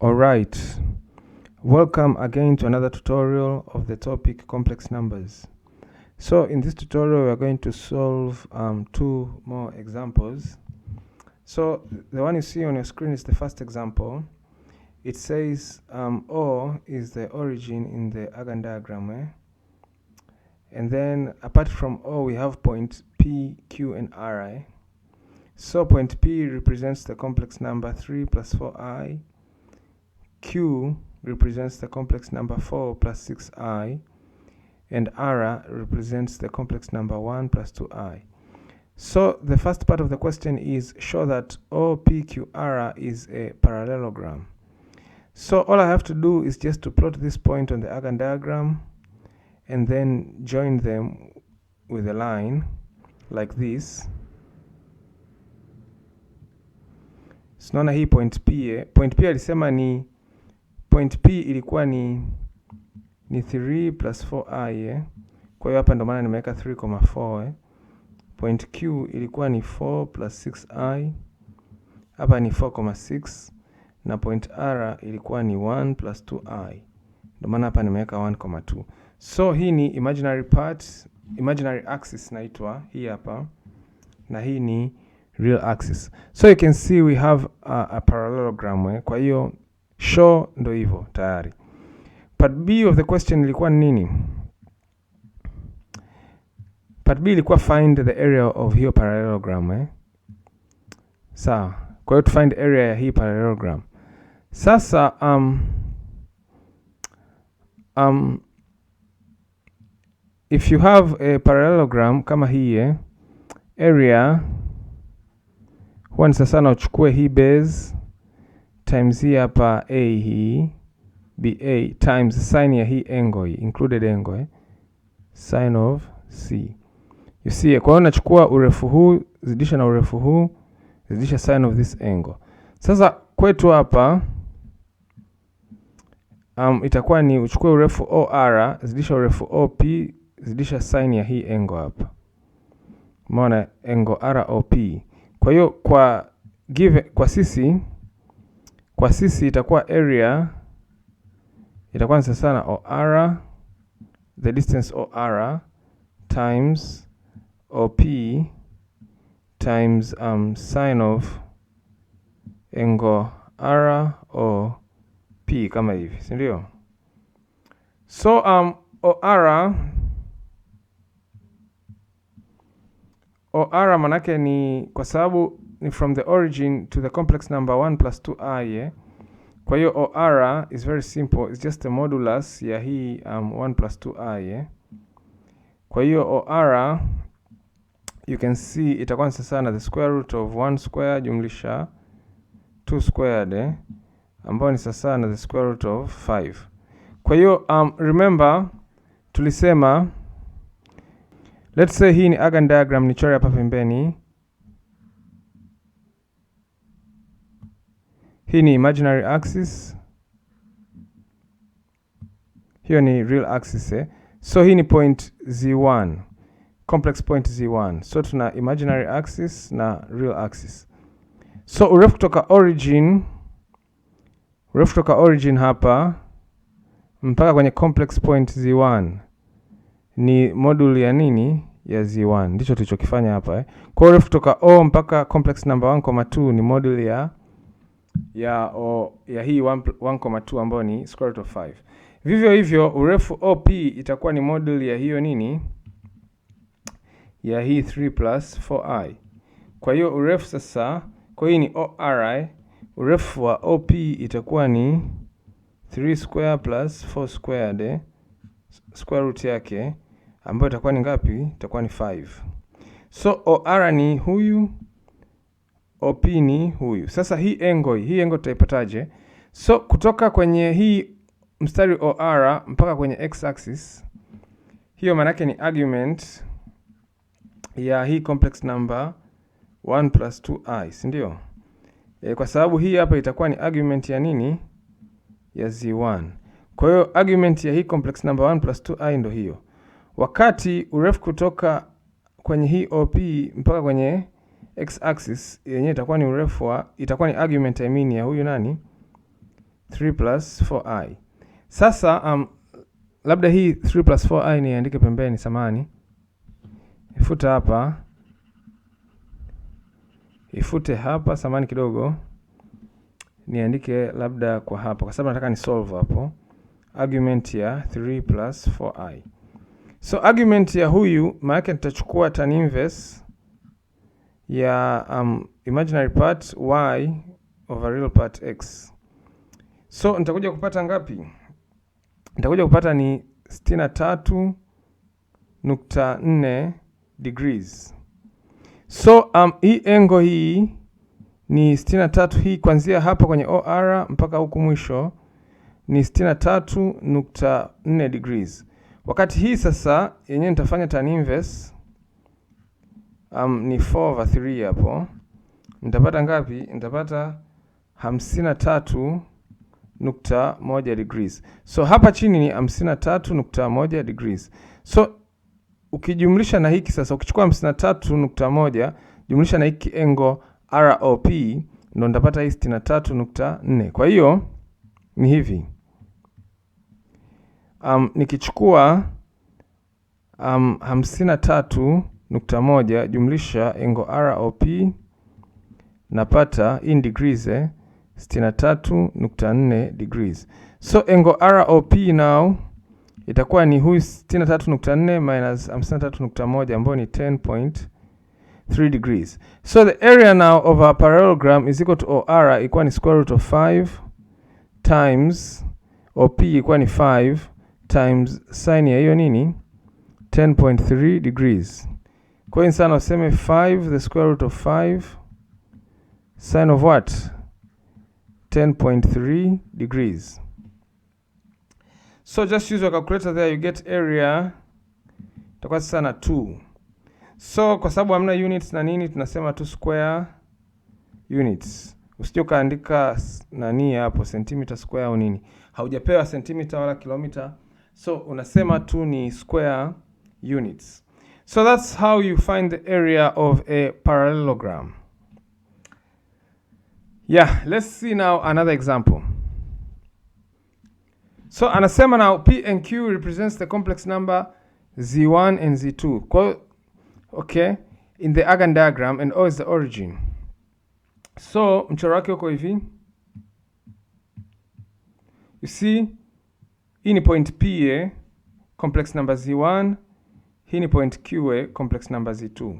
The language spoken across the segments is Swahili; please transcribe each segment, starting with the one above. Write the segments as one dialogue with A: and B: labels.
A: Alright, welcome again to another tutorial of the topic complex numbers. So in this tutorial we are going to solve um, two more examples. So the one you see on your screen is the first example. It says um, O is the origin in the Argand diagram. Eh? And then apart from O we have point P, Q and Ri. Eh? So point P represents the complex number 3 plus 4i Q represents the complex number 4 plus 6i, and R represents the complex number 1 plus 2i. So the first part of the question is show that OPQR is a parallelogram. So all I have to do is just to plot this point on the Argand diagram and then join them with a line like this. Sinaona hii point P. Eh? Point P alisema ni point P ilikuwa ni ni 3 plus 4i eh? Kwa hiyo hapa ndo maana nimeweka 3,4 eh? Point Q ilikuwa ni 4 plus 6i, hapa ni 4,6 na point R ilikuwa ni 1 plus 2i, ndo maana hapa nimeweka 1,2. So hii ni imaginary part, imaginary axis naitwa hii hapa, na hii ni real axis. So you can see we have a, a parallelogram eh? Kwa hiyo Show ndo hivyo tayari. Part B of the question ilikuwa nini? Part B ilikuwa find the area of hiyo parallelogram eh? Sawa, kwa hiyo to find area ya hii parallelogram. Sasa um, um, if you have a parallelogram kama hii eh, area huwa ni sasa na uchukue hii base times hii hapa a hii b a times sin ya hii angle hii included angle eh? sin of c you see. Kwa hiyo nachukua urefu huu zidisha na urefu huu zidisha sin of this angle. Sasa kwetu hapa um, itakuwa ni uchukue urefu OR zidisha urefu OP zidisha sin ya hii angle hapa, maana angle ROP. Kwa hiyo kwa give, kwa sisi kwa sisi itakuwa area itakuwa ni sawa na OR the distance OR times OP times um, sine of angle R p kama hivi, si ndio? So um, OR OR manake ni kwa sababu from the origin to the complex number 1 plus 2i yeah? Kwa hiyo OR is very simple, it's just a modulus ya hii um, 1 plus 2i yeah? Kwa hiyo OR you can see itakuwa ni sana the square root of 1 square jumlisha 2 squared eh? ambayo ni sasa na the square root of 5. Kwa hiyo um, remember tulisema let's say hii ni Argand diagram, nichore hapa pembeni Hii ni imaginary axis, hiyo ni real axis eh? So hii ni point z1, complex point z1. So tuna imaginary axis na real axis. So urefu kutoka origin, urefu kutoka origin hapa mpaka kwenye complex point z1 ni moduli ya nini? Ya z1. Ndicho tulichokifanya hapa eh? Kwa urefu kutoka o mpaka complex number 1, 2 ni moduli ya ya, o, ya hii 1.2 ambayo ni square root of 5. Vivyo hivyo urefu OP itakuwa ni model ya hiyo nini ya hii 3 plus 4i. Kwa hiyo urefu sasa, kwa hiyo ni ORi, urefu wa OP itakuwa ni 3 square plus 4 squared, square root yake ambayo itakuwa ni ngapi? Itakuwa ni 5. So OR ni huyu opini huyu. Sasa hii angle, hii angle tutaipataje? So kutoka kwenye hii mstari OR mpaka kwenye x axis, hiyo maanake ni argument ya hii complex number 1 plus 2i, si ndio? E, kwa sababu hii hapa itakuwa ni argument ya nini? Ya z1. Kwa hiyo argument ya hii complex number 1 plus 2i ndo hiyo, wakati urefu kutoka kwenye hii OP mpaka kwenye x axis yenyewe itakuwa ni urefu wa itakuwa ni argument I mean ya huyu nani 3 plus 4i. Sasa um, labda hii 3 plus 4i niandike pembeni, samani ifute hapa ifute hapa, samani kidogo niandike labda kwa hapa, kwa sababu nataka ni solve hapo argument ya 3 plus 4i. So argument ya huyu maana yake nitachukua tan inverse ya um, imaginary part y over real part x. So nitakuja kupata ngapi? Nitakuja kupata ni sitini na tatu nukta nne degrees. So um, hii engo hii ni sitini na tatu hii kuanzia hapa kwenye OR mpaka huku mwisho ni sitini na tatu nukta nne degrees, wakati hii sasa yenyewe nitafanya tan inverse um, ni 4 over 3 hapo. Nitapata ngapi? Nitapata 53.1 tatu nukta moja degrees. So hapa chini ni 53.1 tatu nukta moja degrees. So ukijumlisha na hiki sasa, ukichukua 53.1 tatu nukta moja jumlisha na hiki engo ROP ndo nitapata hii sitini tatu nukta Kwa hiyo ni hivi um, nikichukua um, tatu nukta moja jumlisha engo ROP napata in degrees eh, 63.4 degrees. So engo ROP now itakuwa ni huyu 63.4 minus 53.1 ambayo ni 10.3 degrees. So the area now of our parallelogram is equal to OR ikuwa ni square root of 5 times OP ikuwa ni 5 times sin ya hiyo nini 10.3 degrees. Kwa hiyo sana useme 5 the square root of 5 sine of what 10.3 degrees. So just use your calculator there, you get area itakuwa sasa na 2. So kwa sababu hamna units na nini, tunasema tu square units. Usije ukaandika nani hapo centimeter square au nini, haujapewa centimeter wala kilomita, so unasema tu ni square units. So that's how you find the area of a parallelogram. Yeah, let's see now another example. So anasema now P and Q represents the complex number Z1 and Z2. okay, in the Argand diagram and O is the origin. So mchoro wake uko hivi. You see hii point P, eh? complex number Z1 Hii ni point Q eh, complex number Z2.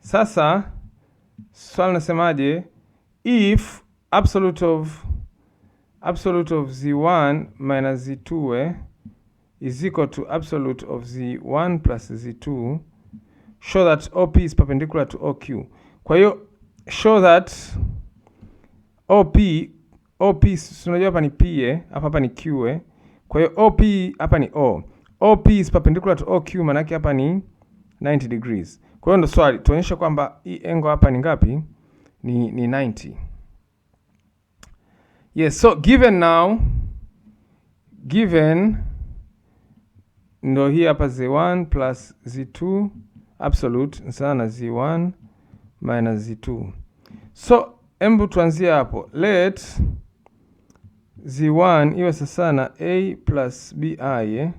A: Sasa swali nasemaje? If absolute of absolute of Z1 minus Z2 eh, is equal to absolute of Z1 plus Z2 show that OP is perpendicular to OQ. Kwa hiyo show that OP OP tunajua hapa ni P eh, hapa hapa ni Q. Kwa hiyo OP hapa ni O. OP is perpendicular to OQ, manake hapa ni 90 degrees. Kwa hiyo ndo swali tuonyeshe kwamba hii angle hapa ni ngapi? Ni, ni 90. Yes, so given now given ndo hii hapa z1 plus z2 absolute sana na z1 minus z2. So embu tuanzie hapo, let z1 iwe sasa na a plus bi eh?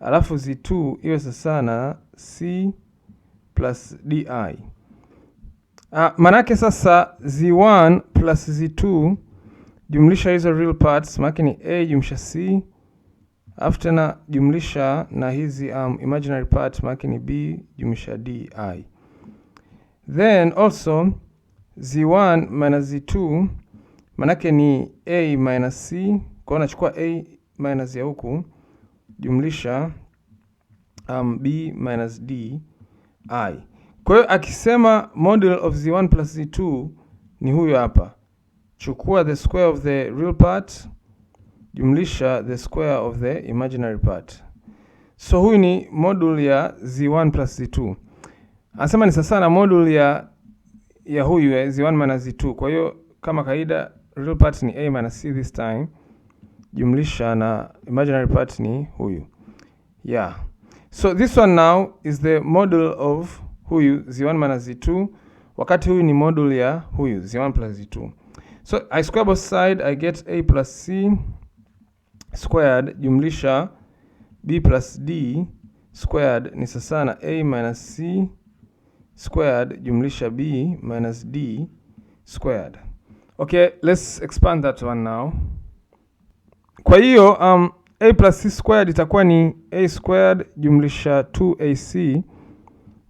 A: Alafu z2 iwe sasa na c plus di. Ah, maanake sasa z1 plus z2 jumlisha hizo real parts, maanake ni a jumlisha c, alafu tena jumlisha na hizi um, imaginary part, maanake ni b jumlisha di. Then also z1 minus z2 maanake ni a minus c, kwa nachukua a minus ya huku jumlisha um, b minus d i. Kwa hiyo akisema model of z1 plus z2 ni huyu hapa, chukua the square of the real part jumlisha the square of the imaginary part. So huyu ni module ya z1 plus z2, anasema ni sasa na module ya ya huyu eh, z1 minus z2. Kwa hiyo kama kaida real part ni a minus c this time jumlisha na imaginary part ni huyu. Yeah. So this one now is the model of huyu z1 minus z2 wakati huyu ni model ya huyu z1 plus z2. So I square both side, I get a plus c squared jumlisha b plus d squared ni sasa na a minus c squared jumlisha b minus d squared. Okay, let's expand that one now. Kwa hiyo um, a plus c squared itakuwa ni a squared jumlisha 2ac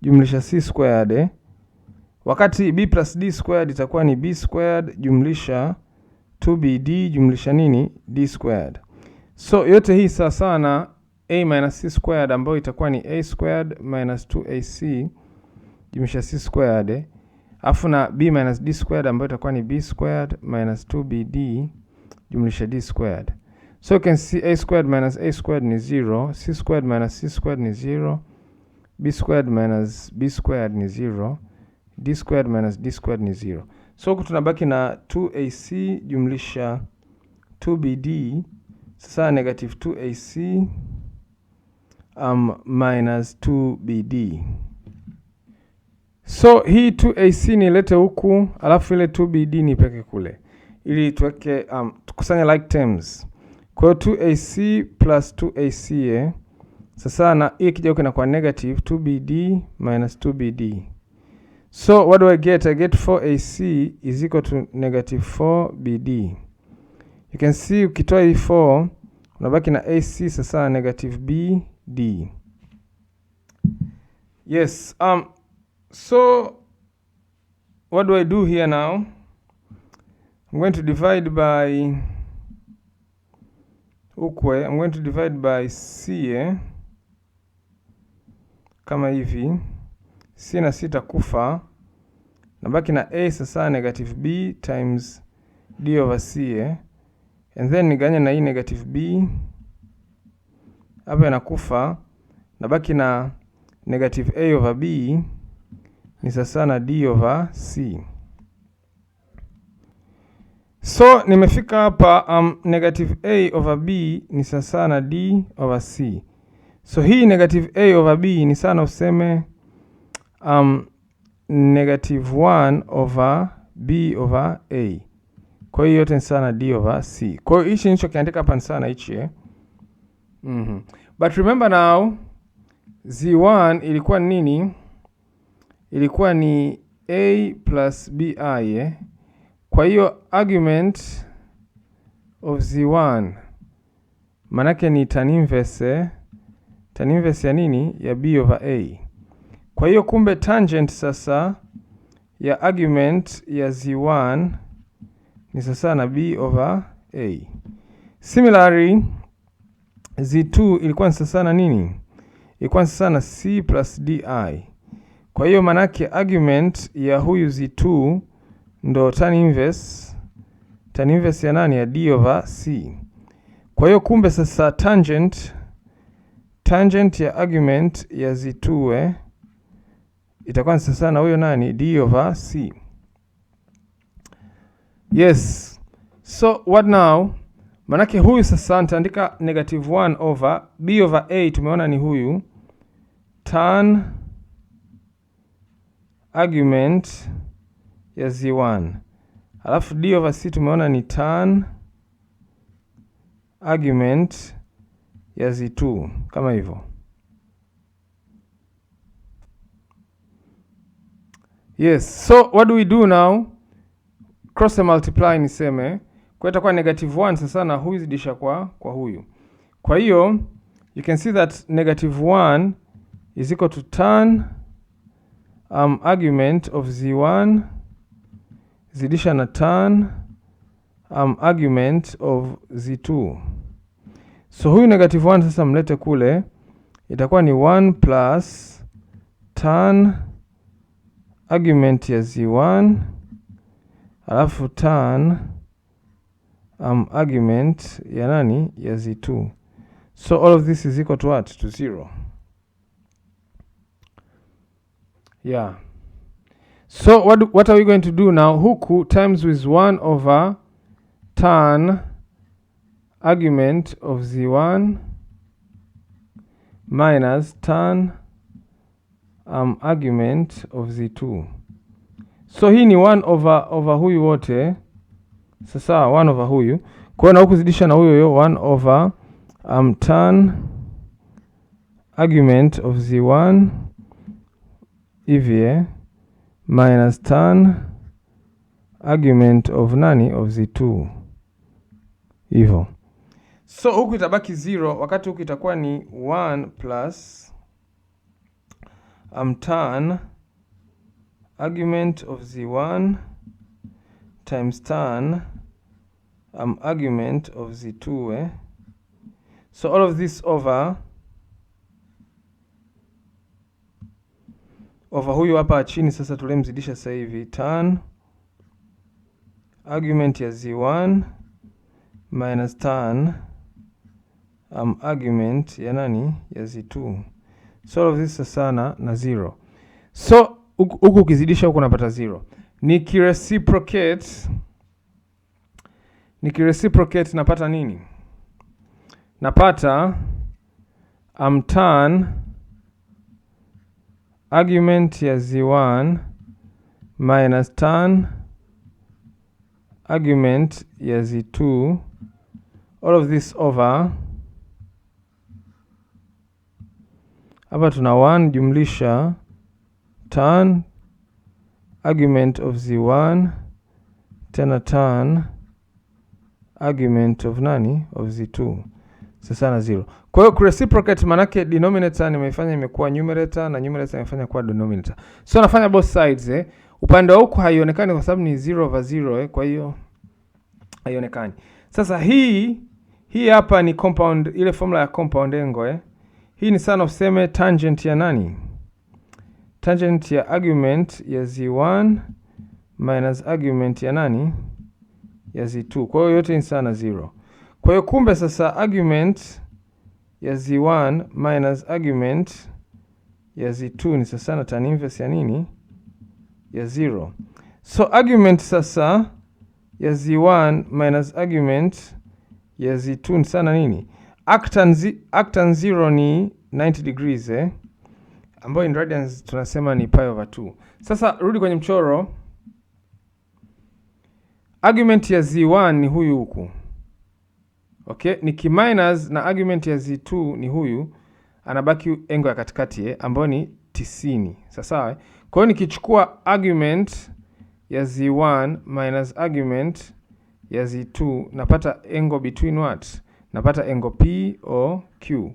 A: jumlisha c squared eh? Wakati b plus d squared itakuwa ni b squared jumlisha 2bd jumlisha nini d squared. So yote hii sawa sawa na a minus c squared ambayo itakuwa ni a squared minus 2ac jumlisha c squared eh? Afu na b minus d squared ambayo itakuwa ni b squared minus 2bd jumlisha d squared. So you can see a squared minus a squared ni 0, c squared minus c squared ni 0, b squared minus b squared ni 0, d squared minus d squared ni 0. So huku tunabaki na 2ac jumlisha 2bd sasa negative 2ac um, minus 2bd. So hii 2ac nilete huku alafu ile 2bd ni peke kule ili tuweke um, tukusanye like terms kwa hiyo 2ac plus 2ac eh. Sasa na hii kigeuka inakuwa negative 2bd minus 2bd. So what do I get? I get 4ac is equal to negative 4bd. You can see ukitoa hii 4 unabaki na ac sasa negative bd. Yes, um, so what do I do here now? I'm going to divide by ukwe I'm going to divide by c eh? kama hivi, c na c itakufa, nabaki na a sasa, negative b times d over c eh? and then niganye na hii e negative b hapa inakufa, nabaki na negative a over b ni sasa na d over c. So nimefika hapa um, negative a over b ni sawasawa na d over c. So hii negative a over b ni sana useme um, negative 1 over b over a. Kwa hiyo yote ni sana d over c. Kwa hiyo hichi nicho kiandika hapa ni sana hichi eh? mm -hmm. But remember now z1 ilikuwa nini? Ilikuwa ni a plus bi eh? Kwa hiyo argument of z1 manake ni tan inverse, tan inverse ya nini? Ya b over a. Kwa hiyo kumbe tangent sasa ya argument ya z1 ni sasa na b over a. Similarly z2 ilikuwa ni sasa na nini? Ilikuwa ni sasa na c plus di. Kwa hiyo manake argument ya huyu z2 ndo tan inverse, tan inverse ya nani? Ya D over C. Kwa hiyo kumbe sasa tangent, tangent ya argument ya zitue eh, itakuwa ni sasa na huyo nani? D over C. Yes, so what now? Manake huyu sasa nitaandika negative 1 over b over a, tumeona ni huyu tan argument ya z1. Alafu d over c tumeona ni tan argument ya z2 kama hivyo. Yes, so what do we do now? Cross multiply niseme kwa itakuwa negative 1 sasa na huyu zidisha kwa kwa huyu. Kwa hiyo you can see that negative 1 is equal to tan um, argument of z1 zidisha na tan um, argument of z2. So huyu negative 1 sasa mlete kule, itakuwa ni 1 plus tan argument ya z1 alafu tan um, argument ya nani ya z2. So all of this is equal to what? To zero. Yeah. So what, what are we going to do now? Huku times with 1 over tan argument of z1 minus tan um, argument of z2. So hii ni 1 over, over huyu wote sasa 1 over huyu kwa na hukuzidisha na huyo huyo 1 over um, tan argument of z1 hivi eh minus tan argument of nani of z2 hivyo. So huku itabaki 0 wakati huku itakuwa ni 1 plus um, tan argument of z1 times tan um, argument of z2 eh? So all of this over over huyu hapa chini sasa tulemzidisha sasa hivi tan argument ya z1 minus tan um, argument ya nani ya z2 solve this sana na zero. So huku ukizidisha huku unapata zero. Nikireciprocate, nikireciprocate napata nini? Napata um, tan Argument ya z1 minus tan argument ya z2 all of this over hapa tuna 1 jumlisha tan argument of z1 tena tan argument of nani of z2 sasa na zero. Kwa hiyo reciprocate manake denominator nimeifanya imekuwa numerator na numerator imefanya kuwa denominator. So nafanya both sides eh. Upande wa huku haionekani kwa sababu ni zero over zero eh, kwa hiyo haionekani. Sasa hii hii hapa ni compound, ile formula ya compound angle eh. Hii ni sana useme tangent ya nani? Tangent ya argument ya z1 minus argument ya nani? Ya z2. Kwa hiyo yote ni sana zero. Kwa hiyo kumbe sasa argument ya z1 minus argument ya z2 ni sasa na tan inverse ya nini? Ya 0. So argument sasa ya z1 minus argument ya z2 ni sana nini? Arctan 0 ni 90 degrees eh, ambayo in radians tunasema ni pi over 2. Sasa rudi kwenye mchoro. Argument ya z1 ni huyu huku Okay, ni key minus na argument ya z2 ni huyu, anabaki engo ya katikati eh, ambayo ni 90. Sawa? Eh? Kwa hiyo nikichukua argument ya z1 minus argument ya z2 napata angle between what? Napata angle P o Q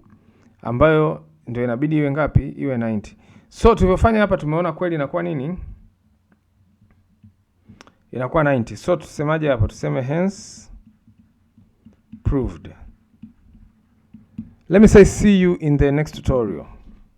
A: ambayo ndio inabidi iwe ngapi? Iwe 90. So tulivyofanya hapa tumeona kweli inakuwa nini? Inakuwa 90. So tusemaje hapo Tuseme hence proved. Let me say see you in the next tutorial.